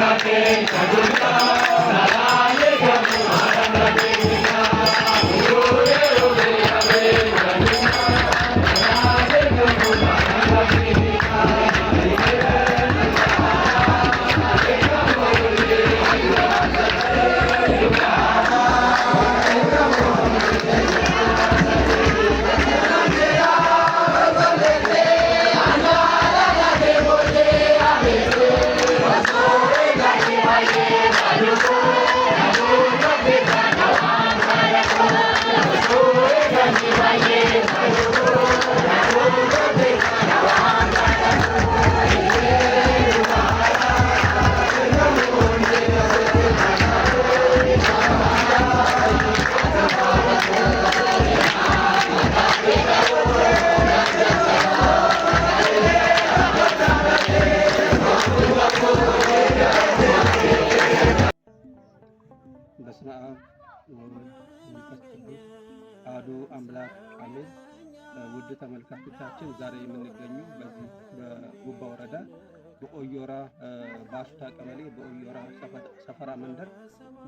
ঘাটে አብ ወወልድ አሐዱ አምላክ አሜን። ውድ ተመልካቾቻችን ዛሬ የምንገኘው በዚህ በጉባ ወረዳ በኦዮራ ባሱታ ቀበሌ በኦዮራ ሰፈራ መንደር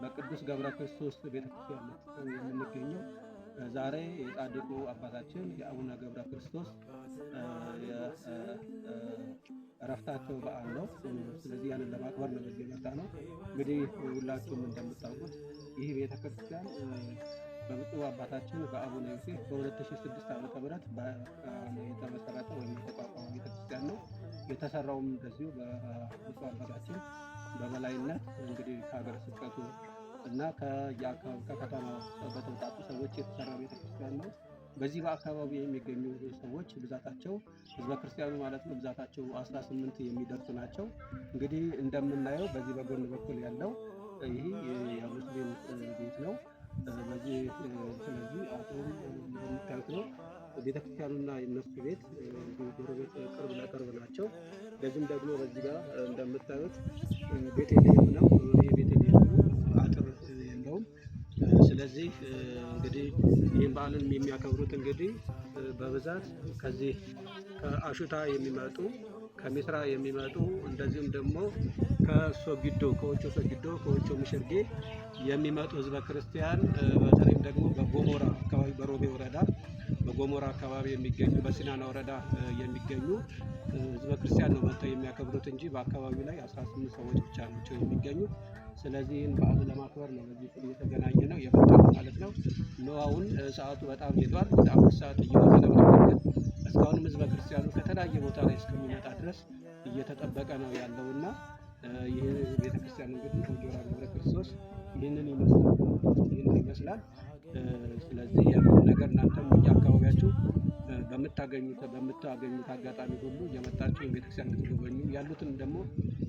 በቅዱስ ገብረ ክርስቶስ ቤተክርስቲያን የምንገኘው ዛሬ የጻድቁ አባታችን የአቡነ ገብረ ክርስቶስ እረፍታቸው በዓል ነው። ስለዚህ ያንን ለማክበር ነው በዚህ የመጣ ነው። እንግዲህ ሁላችሁም እንደምታውቁት ይህ ቤተክርስቲያን በብፁዕ አባታችን በአቡነ ዮሴፍ በ2006 ዓ ም የተመሰረተ ወይም የተቋቋመ ቤተክርስቲያን ነው። የተሰራውም እንደዚሁ በብፁዕ አባታችን በበላይነት እንግዲህ ከሀገረ ስብከቱ እና ከከተማ በተውጣጡ ሰዎች የተሰራ ቤተክርስቲያን ነው። በዚህ በአካባቢ የሚገኙ ሰዎች ብዛታቸው ህዝበ ክርስቲያኑ ማለት ነው ብዛታቸው 18 የሚደርሱ ናቸው። እንግዲህ እንደምናየው በዚህ በጎን በኩል ያለው ይህ የሙስሊም ቤት ነው። በዚህ ስለዚህ አቶ እንደምታዩት ነው ቤተክርስቲያኑና የነሱ ቤት ጎረቤት ቅርብ ለቅርብ ናቸው። ለዚህም ደግሞ በዚህ ጋር እንደምታዩት ቤት ቤተልሔም ነው። ስለዚህ እንግዲህ ይህን በዓልን የሚያከብሩት እንግዲህ በብዛት ከዚህ ከአሹታ የሚመጡ ከሚስራ የሚመጡ እንደዚሁም ደግሞ ከሶጊዶ ከወጮ ሶጊዶ ከወጮ ምሽርጌ የሚመጡ ህዝበ ክርስቲያን በተለይም ደግሞ በጎሞራ አካባቢ በሮቤ ወረዳ በጎሞራ አካባቢ የሚገኙ በሲናና ወረዳ የሚገኙ ህዝበ ክርስቲያን ነው መጥተው የሚያከብሩት እንጂ በአካባቢው ላይ 18 ሰዎች ብቻ ናቸው የሚገኙ። ስለዚህ ይህን በዓሉ ለማክበር ነው በዚህ እየተገናኘ ነው የመጣው ማለት ነው። ኖዋውን ሰዓቱ በጣም ሄዷል። በጣም አምስት ሰዓት እየወሰደ ምናምን እስካሁንም ህዝበ ክርስቲያኑ ከተለያየ ቦታ ላይ እስከሚመጣ ድረስ እየተጠበቀ ነው ያለው እና ይህ ቤተክርስቲያን እንግዲህ ጆራ ገብረ ክርስቶስ ይህንን ይመስላል ይህንን ይመስላል። ስለዚህ ያለው ነገር እናንተም በምታገኙት በምታገኙት አጋጣሚ ሁሉ እየመጣችሁ ቤተክርስቲያን እንድትጎበኙ ያሉትን ደግሞ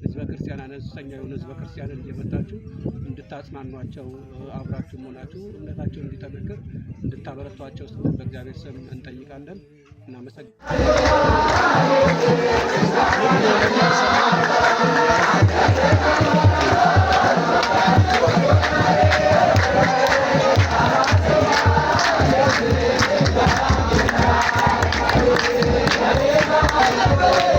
ህዝበ ክርስቲያን አነስተኛ የሆነ ህዝበ ክርስቲያንን እየመጣችሁ እንድታጽናኗቸው አብራችሁ መሆናችሁ እምነታቸው እንዲጠነክር እንድታበረቷቸው ስ በእግዚአብሔር ስም እንጠይቃለን። እናመሰግናለን። Happy